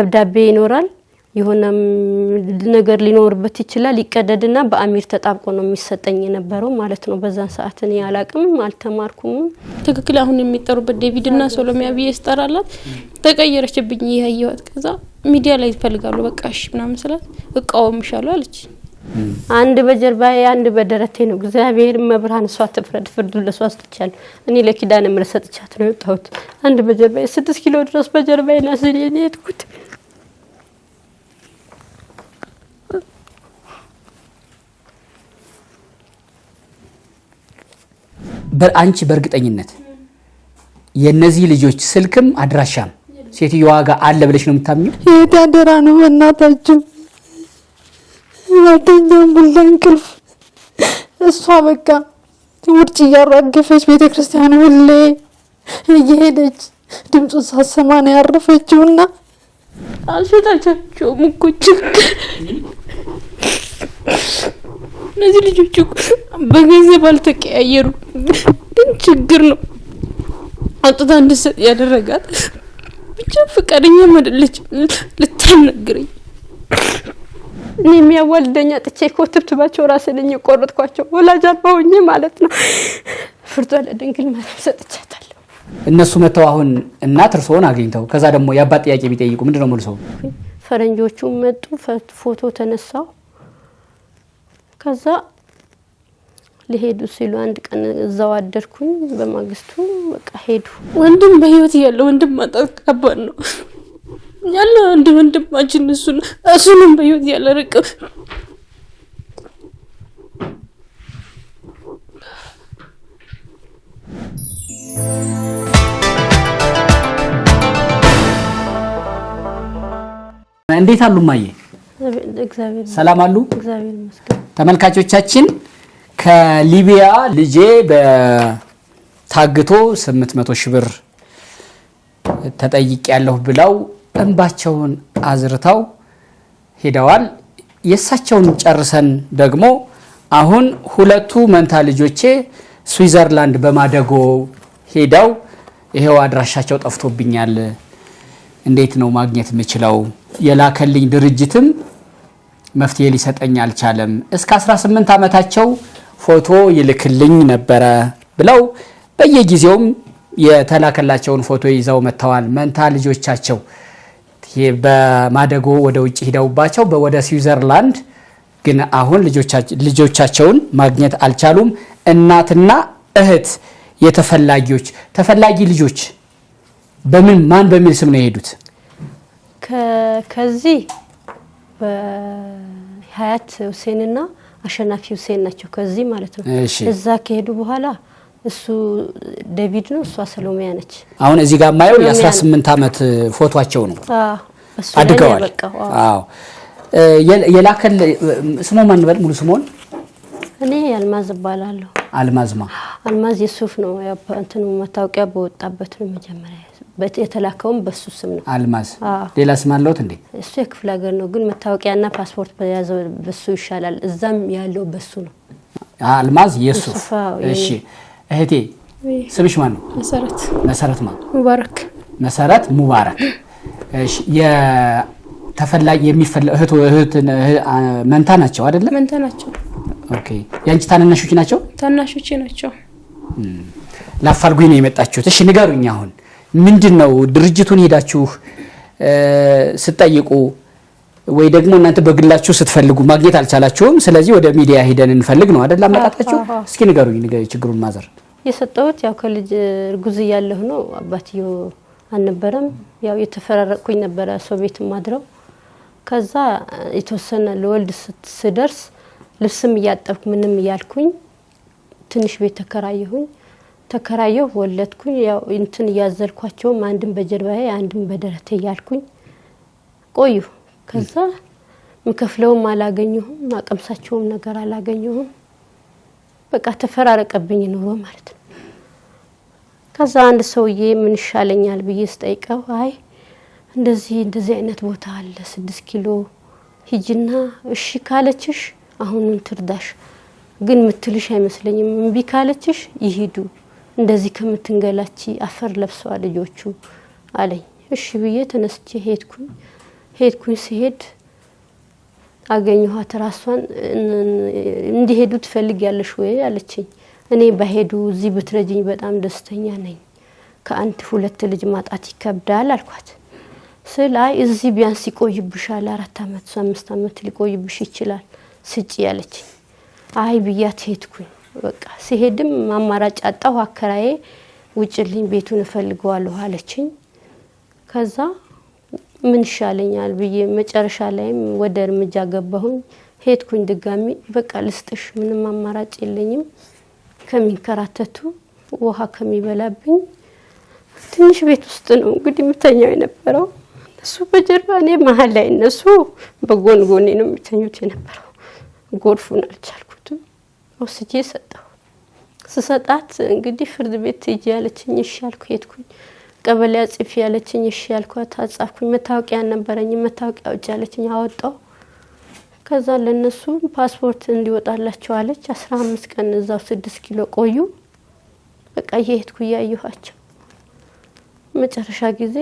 ደብዳቤ ይኖራል፣ የሆነ ነገር ሊኖርበት ይችላል። ይቀደድና በአሚር ተጣብቆ ነው የሚሰጠኝ የነበረው ማለት ነው። በዛን ሰዓት እኔ አላቅምም፣ አልተማርኩም። ትክክል አሁን የሚጠሩበት ዴቪድ እና ሶሎሚያ ብዬ ስጠራላት ተቀየረችብኝ። ይህየወት ከዛ ሚዲያ ላይ ይፈልጋሉ። በቃ እሺ ምናምን ስላት እቃወምሻለሁ አለች። አንድ በጀርባዬ አንድ በደረቴ ነው። እግዚአብሔር መብርሃን እሷ ትፍረድ፣ ፍርዱ ለሷ ሰጥቻለሁ። እኔ ለኪዳነ ምሕረት ሰጥቻት ነው የወጣሁት። አንድ በጀርባዬ ስድስት ኪሎ ድረስ በጀርባዬ ናስኔ የሄድኩት አንቺ በእርግጠኝነት የነዚህ ልጆች ስልክም አድራሻም ሴትዮዋ ጋር አለ ብለሽ ነው የምታምኘው? የት ያደራ ነው በእናታችሁ ያልተኛም ቡላ እንቅልፍ እሷ በቃ ውርጭ እያራገፈች ቤተ ክርስቲያን ሁሌ እየሄደች ድምፁን ሳሰማ ነው ያረፈችውና አልሸጣቻቸውም እኮ ችግር እነዚህ ልጆች በገንዘብ አልተቀያየሩ፣ ግን ችግር ነው አውጥታ እንድሰጥ ያደረጋት። ብቻ ፍቃደኛ አይደለች ልታናግረኝ። እኔ የሚያዋልደኛ ጥቼ ኮትብትባቸው ራሴ ነኝ የቆረጥኳቸው ወላጅ አልባ ሆኜ ማለት ነው። ፍርዷ ለድንግል ማርያም ሰጥቻታለሁ። እነሱ መጥተው አሁን እናት እርስዎን አግኝተው ከዛ ደግሞ የአባት ጥያቄ ቢጠይቁ ምንድነው ነው መልሶ? ፈረንጆቹ መጡ፣ ፎቶ ተነሳው ከዛ ሊሄዱ ሲሉ አንድ ቀን እዛው አደርኩኝ። በማግስቱ በቃ ሄዱ። ወንድም በህይወት ያለ ወንድም ማጣት ከባድ ነው ያለ አንድ ወንድማችን እሱን እሱንም በህይወት ያለ ርቅ እንዴት አሉ? ማየ ሰላም አሉ? እግዚአብሔር ይመስገን። ተመልካቾቻችን ከሊቢያ ልጄ በታግቶ 800 ሺህ ብር ያለሁ ብለው እንባቸውን አዝርተው ሄደዋል። የእሳቸውን ጨርሰን ደግሞ አሁን ሁለቱ መንታ ልጆቼ ስዊዘርላንድ በማደጎ ሄደው ይሄው አድራሻቸው ጠፍቶብኛል፣ እንዴት ነው ማግኘት የምችለው? የላከልኝ ድርጅትም መፍትሄ ሊሰጠኝ አልቻለም። እስከ 18 ዓመታቸው ፎቶ ይልክልኝ ነበረ ብለው በየጊዜውም የተላከላቸውን ፎቶ ይዘው መጥተዋል። መንታ ልጆቻቸው በማደጎ ወደ ውጭ ሂደውባቸው ወደ ስዊዘርላንድ ግን አሁን ልጆቻቸውን ማግኘት አልቻሉም። እናትና እህት የተፈላጊዎች ተፈላጊ ልጆች በምን ማን በሚል ስም ነው የሄዱት ከዚህ ሀያት ሁሴንና አሸናፊ ሁሴን ናቸው ከዚህ ማለት ነው። እዛ ከሄዱ በኋላ እሱ ዴቪድ ነው፣ እሷ ሰሎሚያ ነች። አሁን እዚህ ጋር ማየው የ18 ዓመት ፎቷቸው ነው። አድገዋል። አዎ የላከል ስሞ ማን በል ሙሉ ስሞን እኔ አልማዝ እባላለሁ። አልማዝማ አልማዝ የሱፍ ነው። ያው እንትኑ መታወቂያ በወጣበት ነው መጀመሪያ የተላከውም በሱ ስም ነው። አልማዝ ሌላ ስም አለውት እንዴ? እሱ የክፍለ ሀገር ነው፣ ግን መታወቂያና ፓስፖርት በያዘው በሱ ይሻላል። እዛም ያለው በሱ ነው። አልማዝ የሱፍ። እሺ እህቴ ስምሽ ማን ነው? መሰረት። መሰረት ማ? ሙባረክ። መሰረት ሙባረክ። እሺ የተፈላጊ የሚፈለ እህት እህት መንታ ናቸው አይደለ? መንታ ናቸው። ኦኬ ያንቺ ታናናሾች ናቸው? ታናሾቼ ናቸው። ላፋልጉኝ ነው የመጣችሁት። እሺ ንገሩኝ አሁን ምንድን ነው ድርጅቱን ሄዳችሁ ስትጠይቁ ወይ ደግሞ እናንተ በግላችሁ ስትፈልጉ ማግኘት አልቻላችሁም፣ ስለዚህ ወደ ሚዲያ ሄደን እንፈልግ ነው አደል አመጣጣችሁ? እስኪ ንገሩኝ ችግሩን። ማዘር የሰጠሁት ያው ከልጅ እርጉዝ እያለሁ ነው። አባትየው አልነበረም። ያው የተፈራረቅኩኝ ነበረ ሰው ቤት ማድረው። ከዛ የተወሰነ ለወልድ ስደርስ ልብስም እያጠብኩ ምንም እያልኩኝ ትንሽ ቤት ተከራየሁኝ። ተከራየሁ፣ ወለድኩኝ። ያው እንትን እያዘልኳቸውም አንድም በጀርባዬ አንድም በደረቴ እያልኩኝ ቆዩ። ከዛ ምከፍለውም አላገኘሁም፣ አቀምሳቸውም ነገር አላገኘሁም። በቃ ተፈራረቀብኝ ኑሮ ማለት ነው። ከዛ አንድ ሰውዬ ምን ይሻለኛል ብዬ ስጠይቀው አይ እንደዚህ እንደዚህ አይነት ቦታ አለ ስድስት ኪሎ ሂጂና እሺ ካለችሽ አሁኑን ትርዳሽ፣ ግን ምትልሽ አይመስለኝም። እምቢ ካለችሽ ይሂዱ እንደዚህ ከምትንገላች አፈር ለብሰዋ ልጆቹ አለኝ። እሺ ብዬ ተነስቼ ሄድኩኝ። ሄድኩኝ ሲሄድ አገኘኋት። ራሷን እንዲሄዱ ትፈልግ ያለሽ ወይ አለችኝ። እኔ ባሄዱ እዚህ ብትረጅኝ በጣም ደስተኛ ነኝ። ከአንድ ሁለት ልጅ ማጣት ይከብዳል አልኳት። ስላይ እዚህ ቢያንስ ይቆይብሻል፣ አራት አመት አምስት አመት ሊቆይብሽ ይችላል፣ ስጪ ያለችኝ። አይ ብያት ሄድኩኝ። በቃ ሲሄድም አማራጭ አጣሁ። አከራዬ ውጭልኝ፣ ቤቱን እፈልገዋለሁ አለችኝ። ከዛ ምን ይሻለኛል ብዬ መጨረሻ ላይም ወደ እርምጃ ገባሁኝ። ሄድኩኝ ድጋሚ። በቃ ልስጥሽ፣ ምንም አማራጭ የለኝም ከሚንከራተቱ ውሃ ከሚበላብኝ ትንሽ ቤት ውስጥ ነው እንግዲህ የምተኛው የነበረው። እሱ በጀርባ እኔ መሀል ላይ፣ እነሱ በጎን ጎኔ ነው የሚተኙት የነበረው። ጎርፉን አልቻልኩም። ወስጄ ሰጠሁ። ስሰጣት እንግዲህ ፍርድ ቤት ትሄጂ ያለችኝ እሺ አልኩ። ሄድኩኝ። ቀበሌ ጽፊ ያለችኝ እሺ አልኳት። አጻፍኩኝ። መታወቂያ አልነበረኝ። መታወቂያ አውጪ ያለችኝ አወጣው። ከዛ ለነሱ ፓስፖርት እንዲወጣላቸው አለች። አስራ አምስት ቀን እዛው ስድስት ኪሎ ቆዩ። በቃ እየሄድኩ እያየኋቸው መጨረሻ ጊዜ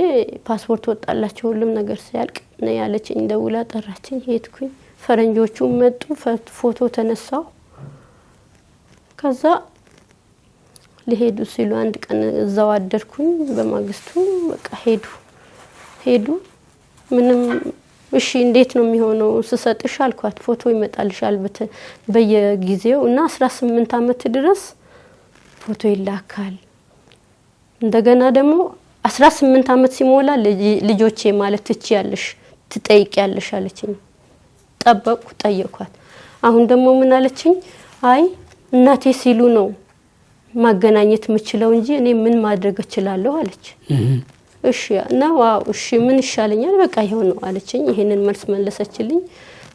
ፓስፖርት ወጣላቸው ሁሉም ነገር ሲያልቅ ነው ያለችኝ። ደውላ ጠራችኝ። ሄድኩኝ። ፈረንጆቹ መጡ። ፎቶ ተነሳው። ከዛ ሊሄዱ ሲሉ አንድ ቀን እዛው አደርኩኝ። በማግስቱ በቃ ሄዱ ሄዱ። ምንም እሺ እንዴት ነው የሚሆነው? ስሰጥሽ አልኳት ፎቶ ይመጣልሻል በየጊዜው እና አስራ ስምንት አመት ድረስ ፎቶ ይላካል። እንደገና ደግሞ አስራ ስምንት አመት ሲሞላ ልጆቼ ማለት ትችያለሽ ያለሽ አለችኝ። ጠበቅኩ ጠየኳት። አሁን ደግሞ ምን አለችኝ? አይ እናቴ ሲሉ ነው ማገናኘት የምችለው እንጂ እኔ ምን ማድረግ እችላለሁ አለች። እሺ እና ዋው እሺ ምን ይሻለኛል? በቃ ይሄው ነው አለችኝ። ይሄንን መልስ መለሰችልኝ።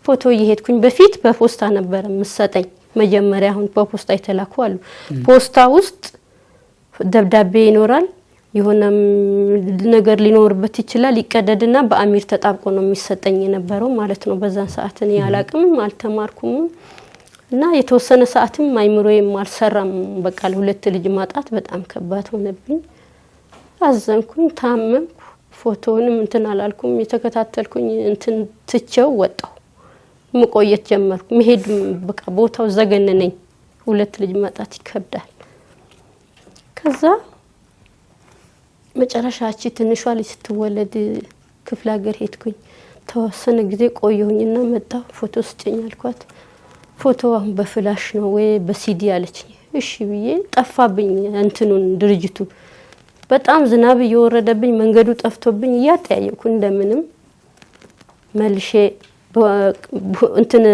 ፎቶ እየሄድኩኝ በፊት በፖስታ ነበረ የምትሰጠኝ መጀመሪያ። አሁን በፖስታ የተላኩ አሉ። ፖስታ ውስጥ ደብዳቤ ይኖራል፣ የሆነ ነገር ሊኖርበት ይችላል። ይቀደድና በአሚር ተጣብቆ ነው የሚሰጠኝ የነበረው ማለት ነው። በዛን ሰዓት እኔ አላቅምም፣ አልተማርኩም እና የተወሰነ ሰዓትም አይምሮዬም አልሰራም። በቃ ለሁለት ልጅ ማጣት በጣም ከባድ ሆነብኝ። አዘንኩኝ፣ ታመምኩ። ፎቶውንም እንትን አላልኩም፣ የተከታተልኩኝ እንትን ትቸው ወጣሁ። መቆየት ጀመርኩ። መሄድ በቃ ቦታው ዘገነነኝ። ሁለት ልጅ ማጣት ይከብዳል። ከዛ መጨረሻች ትንሿ ልጅ ስትወለድ ክፍለ ሀገር ሄድኩኝ። ተወሰነ ጊዜ ቆየሁኝና መጣ ፎቶ ስጭኝ አልኳት። ፎቶ አሁን በፍላሽ ነው ወይ በሲዲ አለችኝ። እሺ ብዬ ጠፋብኝ፣ እንትኑን ድርጅቱ በጣም ዝናብ እየወረደብኝ መንገዱ ጠፍቶብኝ እያጠያየኩ እንደምንም መልሼ እንትን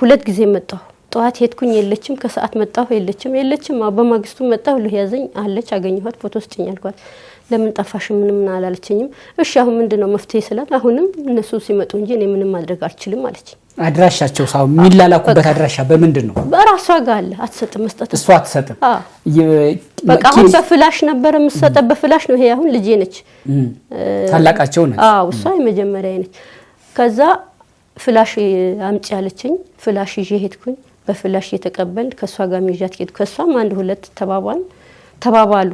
ሁለት ጊዜ መጣሁ። ጠዋት ሄድኩኝ፣ የለችም። ከሰዓት መጣሁ፣ የለችም። የለችም። በማግስቱ መጣሁ፣ ልህ ያዘኝ አለች። አገኘኋት፣ ፎቶ ስጭኝ አልኳት። ለምን ጠፋሽ? ምንም አላለችኝም። እሺ አሁን ምንድን ነው መፍትሄ ስላት፣ አሁንም እነሱ ሲመጡ እንጂ እኔ ምንም ማድረግ አልችልም አለችኝ። አድራሻቸው ሳው የሚላላኩበት አድራሻ በምንድን ነው? በራሷ ጋር አለ። አትሰጥም፣ መስጠት እሷ አትሰጥም። በቃ አሁን በፍላሽ ነበር የምትሰጠው፣ በፍላሽ ነው። ይሄ አሁን ልጄ ነች፣ ታላቃቸው ነች። አዎ እሷ የመጀመሪያ ነች። ከዛ ፍላሽ አምጪ ያለችኝ፣ ፍላሽ ይዤ ሄድኩኝ። በፍላሽ እየተቀበል ከእሷ ጋር ይዣት ሄድኩ። ከእሷም አንድ ሁለት ተባባል ተባባሉ።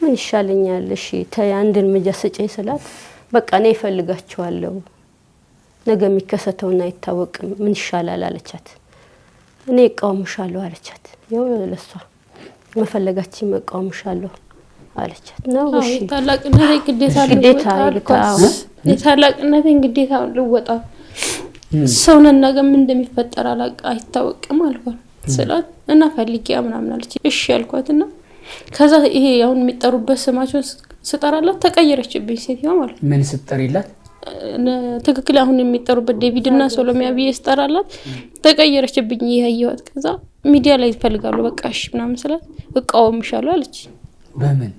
ምን ይሻለኛል? እሺ ተይ አንድን ምጃ ስጪኝ ስላት በቃ እኔ እፈልጋቸዋለሁ ነገ የሚከሰተውን አይታወቅም፣ ምን ይሻላል አለቻት። እኔ እቃወምሻለሁ አለቻት። ያው ለሷ መፈለጋችን እቃወምሻለሁ አለቻት ነው። እሺ ታላቅነቴን ግዴታ የታላቅነቴን ግዴታ ልወጣ ሰው ነን፣ ነገ ምን እንደሚፈጠር አላውቅ አይታወቅም አልኳት። ስላት እና ፈልጊ ምናምን አለች። እሺ ያልኳት እና ከዛ ይሄ አሁን የሚጠሩበት ስማቸውን ስጠራላት ተቀየረችብኝ ሴትዮዋ ማለት ምን ስጠሪላት ትክክል አሁን የሚጠሩበት ዴቪድ እና ሶሎሚያ ብዬ ስጠራላት ተቀየረችብኝ ያየኋት። ከዛ ሚዲያ ላይ ይፈልጋሉ በቃ እሺ ምናምን ስላት እቃወምሻለሁ አለች። በምን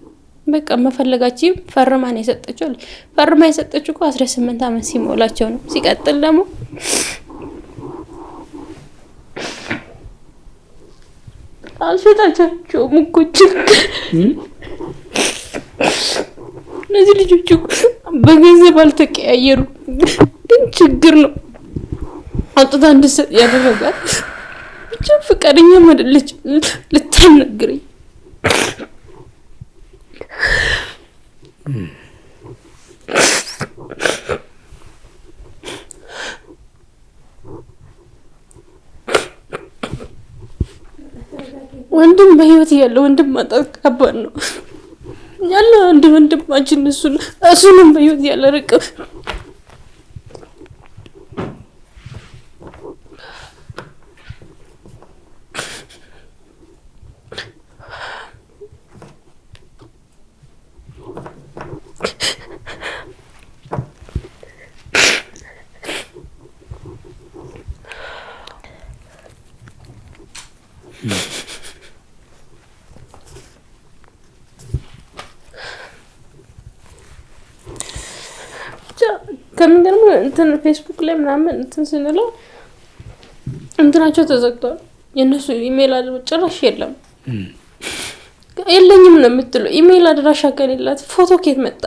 በቃ መፈለጋችም ፈርማን ነው የሰጠችው አለች። ፈርማ የሰጠችው እኮ አስራ ስምንት አመት ሲሞላቸው ነው። ሲቀጥል ደግሞ አልሸጣቻቸውም እኮ እነዚህ ልጆች በገንዘብ አልተቀያየሩ፣ ግን ችግር ነው አውጥታ እንድሰጥ ያደረጋት። ብቻ ፍቃደኛ መደለች ልታናግረኝ። ወንድም በህይወት ያለ ወንድም ማጣት ከባድ ነው። ያለ አንድ ወንድማችን እሱን እሱንም በህይወት ያለረቀብ እንትን ፌስቡክ ላይ ምናምን እንትን ስንለው እንትናቸው ተዘግቷል። የእነሱ ኢሜይል ጭራሽ የለም የለኝም ነው የምትለው። ኢሜይል አድራሻ ከሌላት ፎቶ ኬት መጣ?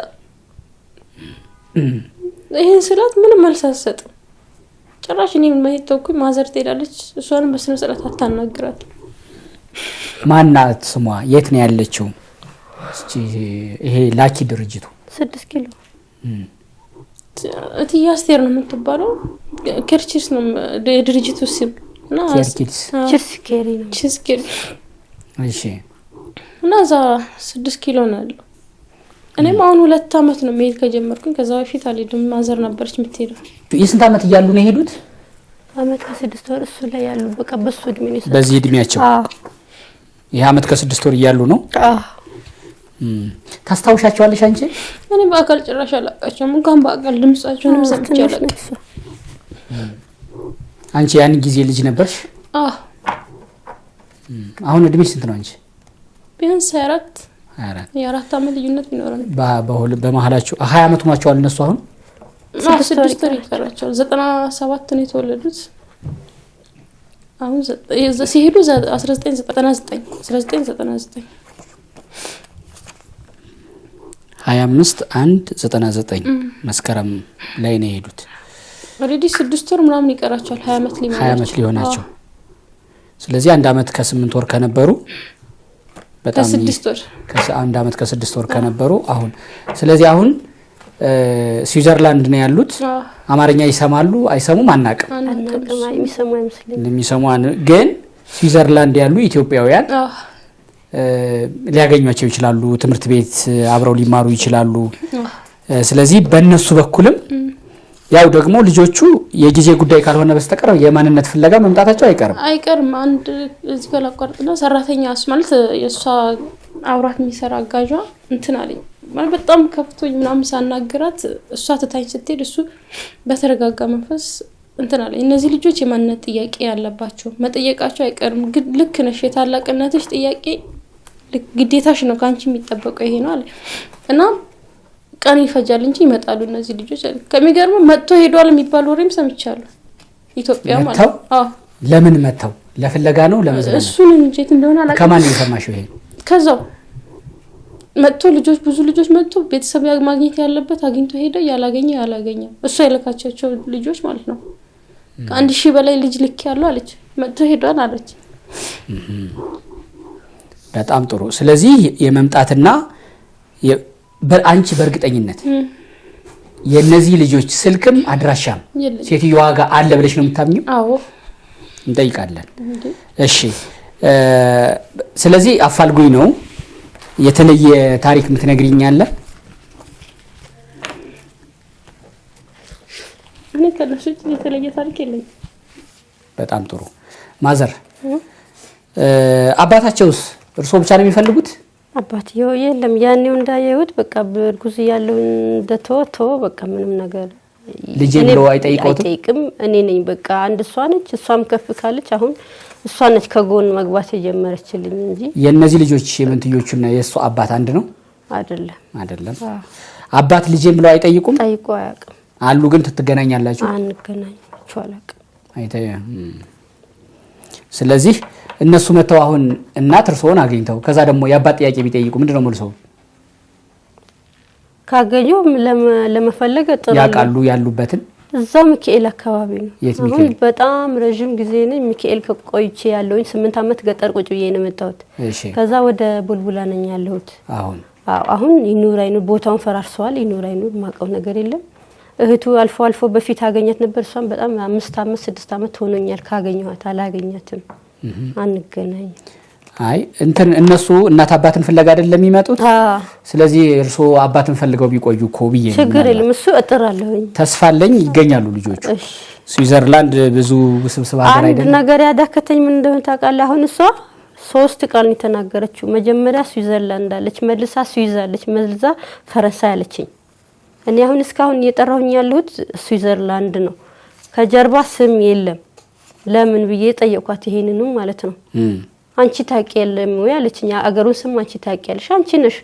ይህን ስላት ምንም መልስ አትሰጥም። ጭራሽ እኔ መሄድ ተኩኝ። ማዘር ትሄዳለች። እሷንም በስነ ስርዓት አታናግራት። ማናት ስሟ? የት ነው ያለችው? ይሄ ላኪ ድርጅቱ ስድስት ኪሎ እትዬ አስቴር ነው የምትባለው። ኬርችስ ነው የድርጅቱ ስም እና እዛ ስድስት ኪሎ ነው ያለው። እኔም አሁን ሁለት አመት ነው መሄድ ከጀመርኩኝ። ከዛ በፊት አልሄድም። ማዘር ነበረች የምትሄደው። የስንት አመት እያሉ ነው የሄዱት? አመት ከስድስት ወር እሱ ላይ ያሉ በቃ በሱ እድሜ ነው በዚህ እድሜያቸው ይህ አመት ከስድስት ወር እያሉ ነው ታስታውሻቸዋለሽ አንቺ? እኔ በአካል ጭራሽ አላውቃቸውም። እንኳን በአካል ድምጻቸውን ሰምቼ አላውቅም። አንቺ ያን ጊዜ ልጅ ነበርሽ? አሁን እድሜ ስንት ነው አንቺ? ቢያንስ ሀያ አራት የአራት ዓመት ልዩነት ቢኖረን በመሀላቸው ሀያ ዓመት ሆኗቸዋል እነሱ አሁን ስድስት ወር ይቀራቸዋል። ዘጠና ሰባት ነው የተወለዱት። አሁን ሲሄዱ አስራ ዘጠኝ ዘጠና ዘጠኝ ሀያ አምስት አንድ ዘጠና ዘጠኝ መስከረም ላይ ነው የሄዱት። ኦልሬዲ ስድስት ወር ምናምን ይቀራቸዋል ሀያ ዓመት ሊሆናቸው። ስለዚህ አንድ አመት ከስምንት ወር ከነበሩ በጣም አንድ ዓመት ከስድስት ወር ከነበሩ አሁን ስለዚህ አሁን ስዊዘርላንድ ነው ያሉት። አማርኛ ይሰማሉ አይሰሙም አናቅም። የሚሰሙ ግን ስዊዘርላንድ ያሉ ኢትዮጵያውያን ሊያገኟቸው ይችላሉ። ትምህርት ቤት አብረው ሊማሩ ይችላሉ። ስለዚህ በእነሱ በኩልም ያው ደግሞ ልጆቹ የጊዜ ጉዳይ ካልሆነ በስተቀር የማንነት ፍለጋ መምጣታቸው አይቀርም አይቀርም። አንድ እዚህ ጋር ላቋርጥና ሰራተኛ እሱ ማለት የእሷ አብራት የሚሰራ አጋዧ እንትን አለኝ ማለት በጣም ከፍቶኝ ምናምን ሳናግራት እሷ ትታኝ ስትሄድ እሱ በተረጋጋ መንፈስ እንትን አለኝ። እነዚህ ልጆች የማንነት ጥያቄ ያለባቸው መጠየቃቸው አይቀርም። ግን ልክ ነሽ፣ የታላቅነትሽ ጥያቄ ግዴታሽ ነው ከአንቺ የሚጠበቀው ይሄ ነው አለ እና ቀን ይፈጃል እንጂ ይመጣሉ እነዚህ ልጆች። ከሚገርመው መጥቶ ሄዷል የሚባል ወሬም ሰምቻለሁ። ኢትዮጵያ ማለት ለምን መጥተው ለፍለጋ ነው ለመዝናናት፣ እሱን እንጀት እንደሆነ አላውቅም። ከማን የሰማሽው ይሄ? ከዛው መጥቶ ልጆች ብዙ ልጆች መጥቶ ቤተሰብ ማግኘት ያለበት አግኝቶ ሄደ፣ ያላገኘ ያላገኘ እሱ አይለካቻቸው ልጆች ማለት ነው። ከአንድ ሺህ በላይ ልጅ ልክ ያለው አለች መጥቶ ሄዷል አለች። በጣም ጥሩ። ስለዚህ የመምጣትና አንቺ በእርግጠኝነት የእነዚህ ልጆች ስልክም አድራሻም ሴትዮዋ ጋር አለ ብለሽ ነው የምታምኘው? እንጠይቃለን። እሺ፣ ስለዚህ አፋልጉኝ ነው። የተለየ ታሪክ የምትነግሪኝ አለ? እኔ ከእነሱ ውጭ የተለየ ታሪክ የለኝም። በጣም ጥሩ ማዘር፣ አባታቸውስ እርስዎ ብቻ ነው የሚፈልጉት? አባትየው የለም። ያኔው እንዳየሁት በቃ እርጉዝ እያለሁ እንደተወ በቃ ምንም ነገር ልጅ ብሎ አይጠይቀውትም። አይጠይቅም። እኔ ነኝ በቃ አንድ እሷ ነች። እሷም ከፍ ካለች አሁን እሷ ነች ከጎን መግባት የጀመረችልኝ እንጂ የእነዚህ ልጆች የምንትዮቹና የእሱ አባት አንድ ነው አይደለም? አይደለም። አባት ልጅም ብለው አይጠይቁም? ጠይቆ አያውቅም። አሉ ግን ትገናኛላችሁ? አንገናኛችሁ አላውቅም። ስለዚህ እነሱ መተው አሁን እናት እርስዎን አግኝተው ከዛ ደግሞ የአባት ጥያቄ ቢጠይቁ ምንድን ነው መልሶ? ካገኙ ለመፈለግ ጥሩ ያውቃሉ ያሉበትን እዛ ሚካኤል አካባቢ ነው። አሁን በጣም ረዥም ጊዜ ነኝ ሚካኤል ከቆይቼ ያለውኝ ስምንት ዓመት ገጠር ቁጭ ብዬ ነው የመጣሁት። ከዛ ወደ ቡልቡላ ነኝ ያለሁት አሁን አሁን ይኑር አይኑር ቦታውን ፈራርሰዋል። ይኑር አይኑር ማቀው ነገር የለም። እህቱ አልፎ አልፎ በፊት አገኘት ነበር። እሷም በጣም አምስት ዓመት ስድስት ዓመት ሆኖኛል ካገኘኋት አላገኛትም። አንገናኝ። አይ እንትን እነሱ እናት አባትን ፍለጋ አይደለም የሚመጡት። ስለዚህ እርስዎ አባትን ፈልገው ቢቆዩ እኮ ብዬ ችግር የለም። እሱ እጥራለሁ፣ ተስፋ አለኝ ይገኛሉ ልጆቹ። ስዊዘርላንድ ብዙ ስብስብ ሀገር አይደለም። አንድ ነገር ያዳከተኝ ምን እንደሆነ ታውቃለህ? አሁን እሷ ሶስት ቃል ነው የተናገረችው። መጀመሪያ ስዊዘርላንድ አለች፣ መልሳ ስዊዝ አለች፣ መልዛ ፈረንሳይ አለችኝ። እኔ አሁን እስካሁን እየጠራሁኝ ያለሁት ስዊዘርላንድ ነው። ከጀርባ ስም የለም። ለምን ብዬ ጠየኳት። ይሄንንም ማለት ነው አንቺ ታቂ የለም ወይ አለችኝ። አገሩን ስም አንቺ ታቂ ያለሽ አንቺ ነሽ፣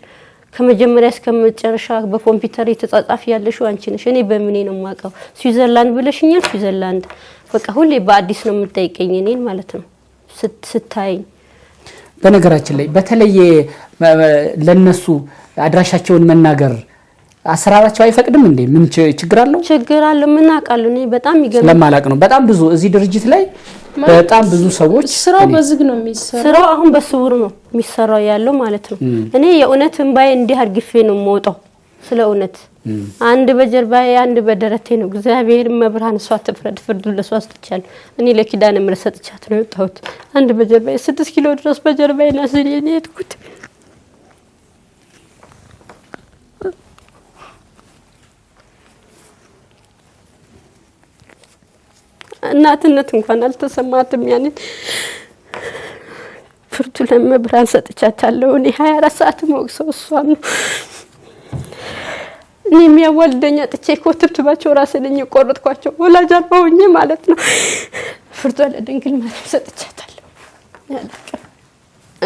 ከመጀመሪያ እስከ መጨረሻ በኮምፒውተር የተጻጻፊ ያለሽ አንቺ ነሽ። እኔ በምኔ ነው የማውቀው? ስዊዘርላንድ ብለሽኛል። ስዊዘርላንድ በቃ ሁሌ በአዲስ ነው የምጠይቀኝ እኔን ማለት ነው ስታይኝ። በነገራችን ላይ በተለየ ለነሱ አድራሻቸውን መናገር አሰራራቸው አይፈቅድም እንዴ? ምን ችግር አለው? ችግር አለው። ምን አውቃለሁ እኔ በጣም ይገርም ለማላቅ ነው። በጣም ብዙ እዚህ ድርጅት ላይ በጣም ብዙ ሰዎች ስራው በዝግ ነው የሚሰራው። ስራው አሁን በስውር ነው የሚሰራው ያለው ማለት ነው። እኔ የእውነት እምባዬ እንዲህ አርግፌ ነው የምወጣው ስለ እውነት አንድ በጀርባዬ አንድ በደረቴ ነው። እግዚአብሔር መብርሃን እሷ ትፍረድ፣ ፍርዱን ለእሷ ሰጥቻለሁ። እኔ ለኪዳነ ምሕረት ሰጥቻት ነው የወጣሁት። አንድ በጀርባዬ ስድስት ኪሎ ድረስ በጀርባዬ ናስኔ የሄድኩት እናትነት እንኳን አልተሰማትም። ያንን ፍርቱ ለመብራን ሰጥቻታለሁ። እኔ ሀያ አራት ሰዓት መወቅሰው እሷን ነው እኔ የሚያዋልደኝ አጥቼ ኮትብትባቸው ራሴ ነኝ የቆረጥኳቸው ወላጅ አልባ ሆኜ ማለት ነው። ፍርቱ ለድንግል ማርያም ሰጥቻታለሁ።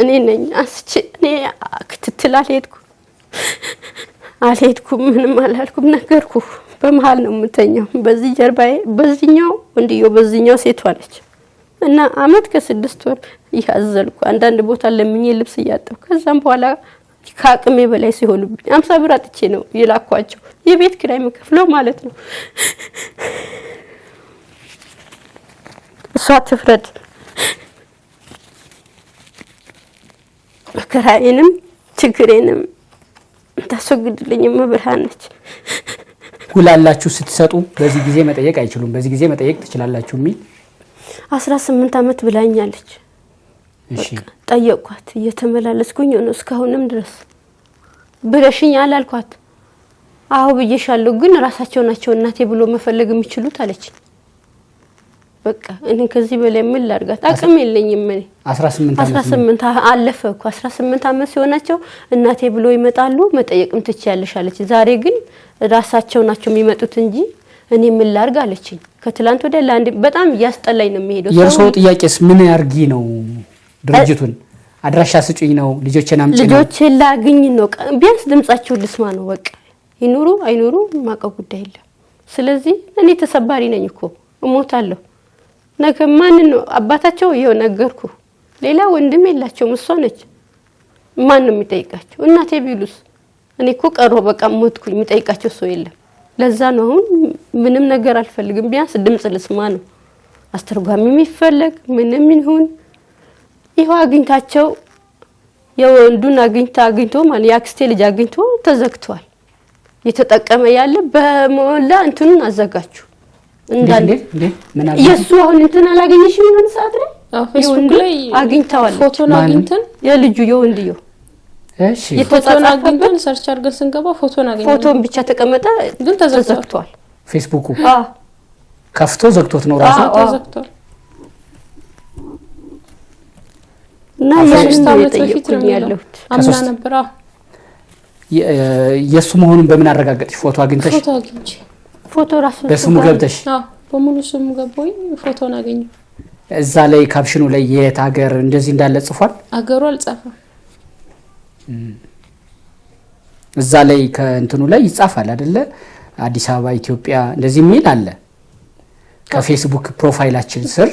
እኔ ነኝ አስቼ እኔ ክትትል አልሄድኩም አልሄድኩም ምንም አላልኩም ነገርኩ። በመሀል ነው የምተኛው። በዚህ ጀርባዬ፣ በዚህኛው ወንድየው፣ በዚህኛው ሴቷ ነች እና አመት ከስድስት ወር እያዘልኩ አንዳንድ ቦታ ለምኜ ልብስ እያጠብኩ ከዛም በኋላ ከአቅሜ በላይ ሲሆኑብኝ አምሳ ብር አጥቼ ነው የላኳቸው። የቤት ኪራይ የምከፍለው ማለት ነው። እሷ ትፍረድ። ክራይንም ችግሬንም ታስወግድልኝ መብርሃን ነች። ጉላላችሁ ስትሰጡ በዚህ ጊዜ መጠየቅ አይችሉም፣ በዚህ ጊዜ መጠየቅ ትችላላችሁ የሚል አስራ ስምንት ዓመት ብላኛለች። ጠየቅኳት፣ እየተመላለስኩኝ ነው እስካሁንም ድረስ ብለሽኝ አላልኳት። አሁ ብዬሻለሁ፣ ግን ራሳቸው ናቸው እናቴ ብሎ መፈለግ የሚችሉት አለችኝ። በቃ እኔ ከዚህ በላይ ምን ላድርጋት? አቅም የለኝም። እኔ ስምንት አለፈ እኮ አስራ ስምንት ዓመት ሲሆናቸው እናቴ ብሎ ይመጣሉ። መጠየቅም ትችያለሽ አለች። ዛሬ ግን ራሳቸው ናቸው የሚመጡት እንጂ እኔ ምን ላድርግ አለችኝ። ከትላንት ወደ ለአንድ በጣም እያስጠላኝ ነው የሚሄደው። የእርስዎ ጥያቄስ ምን ያርጊ ነው? ድርጅቱን አድራሻ ስጭኝ ነው? ልጆችን አምጪ ነው? ልጆችን ላግኝ ነው? ቢያንስ ድምጻቸው ልስማ ነው። በቃ ይኑሩ አይኑሩ ማቀው ጉዳይ የለም። ስለዚህ እኔ ተሰባሪ ነኝ እኮ እሞታለሁ። ነገ ማንን ነው አባታቸው? ይኸው ነገርኩ። ሌላ ወንድም የላቸውም። እሷ ነች። ማን ነው የሚጠይቃቸው? እናቴ ቢሉስ እኔ እኮ ቀሮ በቃ ሞትኩኝ። የሚጠይቃቸው ሰው የለም። ለዛ ነው አሁን ምንም ነገር አልፈልግም። ቢያንስ ድምፅ ልስማ ነው። አስተርጓሚ የሚፈለግ ምንም ይሁን ይኸው አግኝታቸው የወንዱን አግኝታ አግኝቶ ማለት የአክስቴ ልጅ አግኝቶ ተዘግቷል። የተጠቀመ ያለ በሞላ እንትኑን አዘጋችሁ። እንዳለ የእሱ አሁን እንትን አላገኘሽም የሆነ ሰዓት ላይ ፌስቡክ ላይ አግኝተዋል። ፎቶን አግኝተን የልጁ የወንድየው እሺ፣ አግኝተን ሰርች አድርገን ስንገባ ፎቶን አግኝተን ፎቶን ብቻ ተቀመጠ፣ ግን ተዘግቷል። ፌስቡኩ ከፍቶ ዘግቶት ነው ራሱ ተዘግቷል። እና የአምስት ዓመት ያለሁት አምና ነበር። የእሱ መሆኑን በምን አረጋገጥሽ? ፎቶ አግኝተሽ ፎቶ አግኝቼ ፎቶ ራሱ በስሙ ገብተሽ በሙሉ ስሙ ገባኝ። ፎቶን አገኘ። እዛ ላይ ካፕሽኑ ላይ የት ሀገር እንደዚህ እንዳለ ጽፏል። አገሩ አልጻፈም። እዛ ላይ ከእንትኑ ላይ ይጻፋል አይደለ? አዲስ አበባ ኢትዮጵያ እንደዚህ የሚል አለ። ከፌስቡክ ፕሮፋይላችን ስር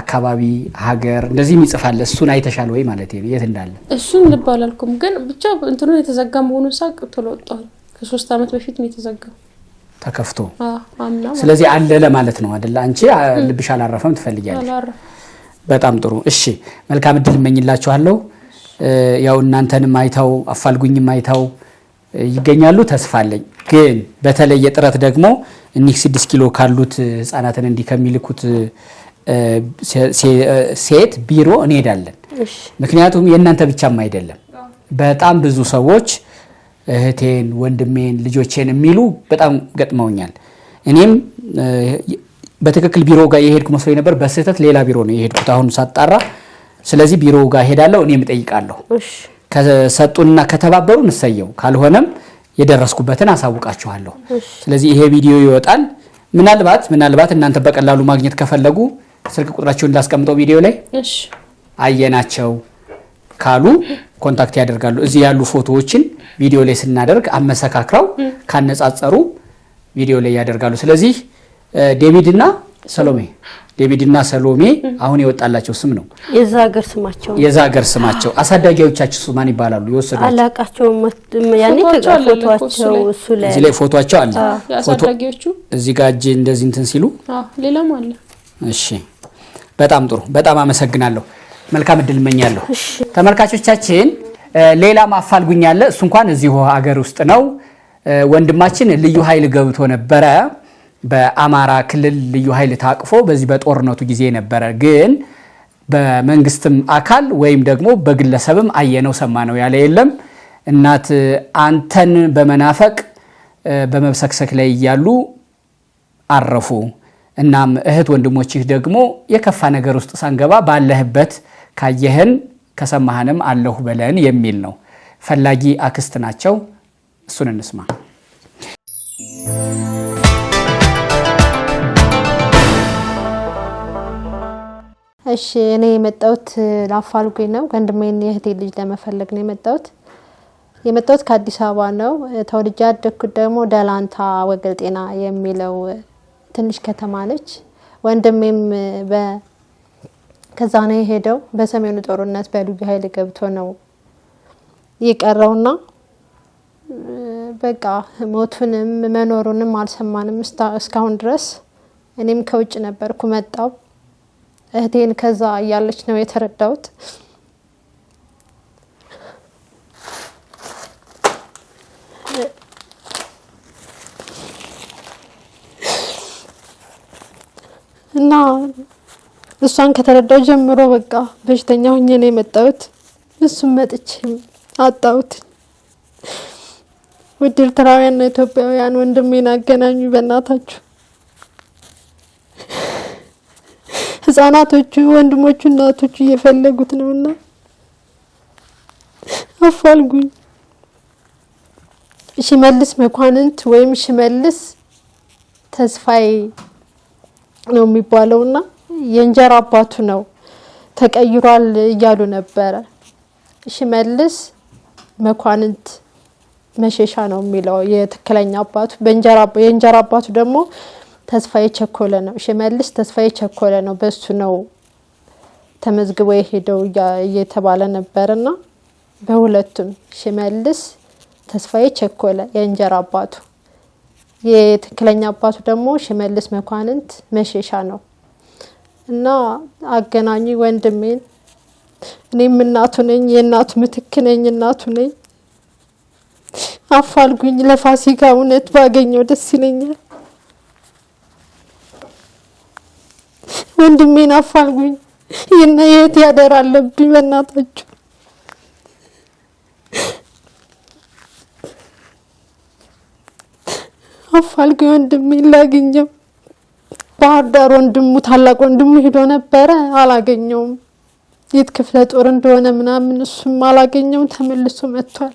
አካባቢ፣ ሀገር እንደዚህ የሚጽፋለ እሱን አይተሻል ወይ ማለት የት እንዳለ? እሱን ልባላልኩም ግን ብቻ እንትኑ የተዘጋ መሆኑን ሳቅ ቶሎ ወጣሁ። ከሶስት አመት በፊት ነው የተዘጋው። ተከፍቶ ስለዚህ አለ ለማለት ነው አደለ አንቺ ልብሽ አላረፈም ትፈልጊያለሽ። በጣም ጥሩ እሺ፣ መልካም እድል እመኝላችኋለሁ። ያው እናንተንም አይተው አፋልጉኝም አይተው ይገኛሉ ተስፋለኝ። ግን በተለየ ጥረት ደግሞ እኒህ ስድስት ኪሎ ካሉት ህጻናትን እንዲህ ከሚልኩት ሴት ቢሮ እንሄዳለን። ምክንያቱም የእናንተ ብቻም አይደለም በጣም ብዙ ሰዎች እህቴን፣ ወንድሜን፣ ልጆቼን የሚሉ በጣም ገጥመውኛል። እኔም በትክክል ቢሮ ጋር የሄድኩ መስሎኝ ነበር። በስህተት ሌላ ቢሮ ነው የሄድኩት አሁን ሳጣራ። ስለዚህ ቢሮ ጋር ሄዳለሁ፣ እኔም እጠይቃለሁ። ከሰጡንና ከተባበሩ እንሰየው፣ ካልሆነም የደረስኩበትን አሳውቃችኋለሁ። ስለዚህ ይሄ ቪዲዮ ይወጣል። ምናልባት ምናልባት እናንተ በቀላሉ ማግኘት ከፈለጉ ስልክ ቁጥራቸውን ላስቀምጠው ቪዲዮ ላይ አየናቸው። ካሉ ኮንታክት ያደርጋሉ። እዚህ ያሉ ፎቶዎችን ቪዲዮ ላይ ስናደርግ አመሰካክረው ካነጻጸሩ ቪዲዮ ላይ ያደርጋሉ። ስለዚህ ዴቪድና ሰሎሜ ዴቪድና ሰሎሜ አሁን የወጣላቸው ስም ነው። የዛ ሀገር ስማቸው የዛ ሀገር ስማቸው። አሳዳጊዎቻቸው ማን ይባላሉ? የወሰዷቸው አላቃቸው ያኔ ፎቶቸው እሱ ላይ እዚህ ላይ ፎቶቸው አለ። አሳዳጊዎቹ እዚህ ጋ እጅ እንደዚህ እንትን ሲሉ ሌላም አለ። እሺ፣ በጣም ጥሩ። በጣም አመሰግናለሁ። መልካም እድል እመኛለሁ። ተመልካቾቻችን ሌላ ማፋልጉኝ አለ። እሱ እንኳን እዚሁ ሀገር ውስጥ ነው። ወንድማችን ልዩ ኃይል ገብቶ ነበረ። በአማራ ክልል ልዩ ኃይል ታቅፎ በዚህ በጦርነቱ ጊዜ ነበረ። ግን በመንግስትም አካል ወይም ደግሞ በግለሰብም አየነው ሰማነው ያለ የለም። እናት አንተን በመናፈቅ በመብሰክሰክ ላይ እያሉ አረፉ። እናም እህት ወንድሞችህ ደግሞ የከፋ ነገር ውስጥ ሳንገባ ባለህበት ካየህን ከሰማህንም አለሁ በለን የሚል ነው። ፈላጊ አክስት ናቸው። እሱን እንስማ። እሺ እኔ የመጣሁት ላፋልጉኝ ነው። ወንድሜን የእህቴ ልጅ ለመፈለግ ነው የመጣሁት። የመጣሁት ከአዲስ አበባ ነው። ተወልጄ ያደግኩት ደግሞ ደላንታ ወገል ጤና የሚለው ትንሽ ከተማ ነች። ወንድሜም ከዛ ነው የሄደው። በሰሜኑ ጦርነት በልዩ ኃይል ገብቶ ነው የቀረውና በቃ ሞቱንም መኖሩንም አልሰማንም እስካሁን ድረስ። እኔም ከውጭ ነበርኩ መጣው እህቴን ከዛ እያለች ነው የተረዳሁት። እና እሷን ከተረዳው ጀምሮ በቃ በሽተኛ ሁኜ ነው የመጣሁት። እሱም መጥቼም አጣሁት። ውድ ና ኢትዮጵያውያን ወንድሜን አገናኙ በእናታችሁ። ህጻናቶቹ ወንድሞቹ እናቶቹ እየፈለጉት ነውና አፋልጉኝ። ሽመልስ መኳንንት ወይም ሽመልስ ተስፋዬ ነው የሚባለውና የእንጀራ አባቱ ነው ተቀይሯል እያሉ ነበረ። ሽመልስ መኳንንት መሸሻ ነው የሚለው የትክክለኛ አባቱ። የእንጀራ አባቱ ደግሞ ተስፋዬ ቸኮለ ነው። ሽመልስ ተስፋዬ ቸኮለ ነው፣ በሱ ነው ተመዝግቦ የሄደው እየተባለ እና በሁለቱም ሽመልስ ተስፋዬ ቸኮለ የእንጀራ አባቱ፣ የትክክለኛ አባቱ ደግሞ ሽመልስ መኳንንት መሸሻ ነው። እና አገናኝ ወንድሜን። እኔም እናቱ ነኝ፣ የእናቱ ምትክ ነኝ፣ እናቱ ነኝ። አፋልጉኝ። ለፋሲካ እውነት ባገኘው ደስ ይለኛል። ወንድሜን አፋልጉኝ። ይህና የት ያደር አለብኝ በእናታችሁ አፋልጉኝ። ወንድሜን ላገኘው ባህር ዳር ወንድሙ ታላቅ ወንድሙ ሄዶ ነበረ። አላገኘውም። የት ክፍለ ጦር እንደሆነ ምናምን እሱም አላገኘውም። ተመልሶ መጥቷል።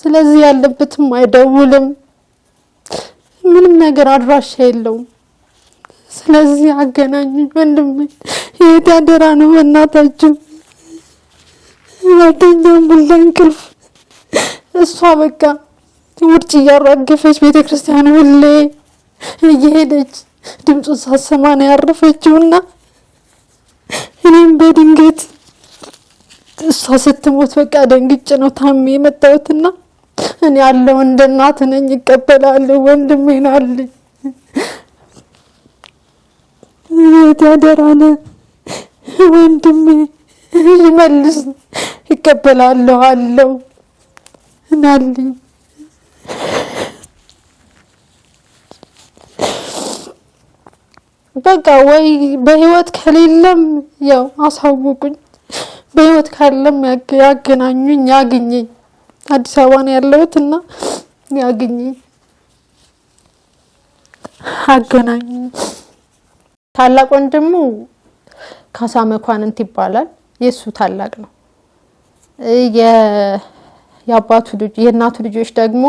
ስለዚህ ያለበትም አይደውልም፣ ምንም ነገር አድራሻ የለውም። ስለዚህ አገናኝ ወንድሜ፣ የት ያደራ ነው በእናታችሁ ያልተኛም ቡላ እንቅልፍ እሷ በቃ ውርጭ እያራገፈች ቤተክርስቲያን ሁሌ እየሄደች ድምፁን ሳሰማ ነው ያረፈችውና እኔም በድንገት እሷ ስትሞት በቃ ደንግጭ ነው ታሜ የመጣሁትና እኔ ያለው እንደ እናት ነኝ፣ ይቀበላለሁ። ወንድሜ ናል አለኝ። ያደራነ ወንድሜ ይመልስ፣ ይቀበላለሁ አለው እናልኝ በቃ ወይ በህይወት ከሌለም ያው አሳውቁኝ፣ በህይወት ካለም ያገናኙኝ፣ ያግኘኝ። አዲስ አበባ ነው ያለሁት እና ያግኘኝ፣ አገናኙኝ። ታላቅ ወንድሙ ካሳ መኳንንት ይባላል። የእሱ ታላቅ ነው። የአባቱ ልጅ የእናቱ ልጆች ደግሞ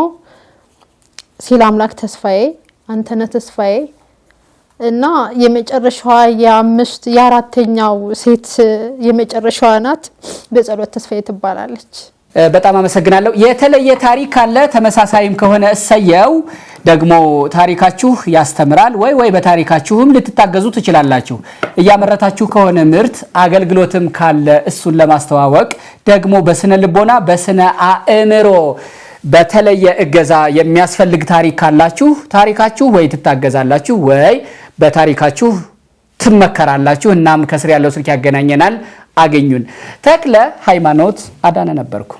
ሲል አምላክ ተስፋዬ፣ አንተነህ ተስፋዬ እና የመጨረሻዋ የአምስት የአራተኛው ሴት የመጨረሻዋ ናት። በጸሎት ተስፋዬ ትባላለች። በጣም አመሰግናለሁ። የተለየ ታሪክ ካለ ተመሳሳይም ከሆነ እሰየው። ደግሞ ታሪካችሁ ያስተምራል ወይ ወይ በታሪካችሁም ልትታገዙ ትችላላችሁ። እያመረታችሁ ከሆነ ምርት አገልግሎትም ካለ እሱን ለማስተዋወቅ ደግሞ በስነ ልቦና በስነ አእምሮ በተለየ እገዛ የሚያስፈልግ ታሪክ ካላችሁ ታሪካችሁ ወይ ትታገዛላችሁ ወይ በታሪካችሁ ትመከራላችሁ። እናም ከስር ያለው ስልክ ያገናኘናል። አገኙን። ተክለ ሃይማኖት አዳነ ነበርኩ።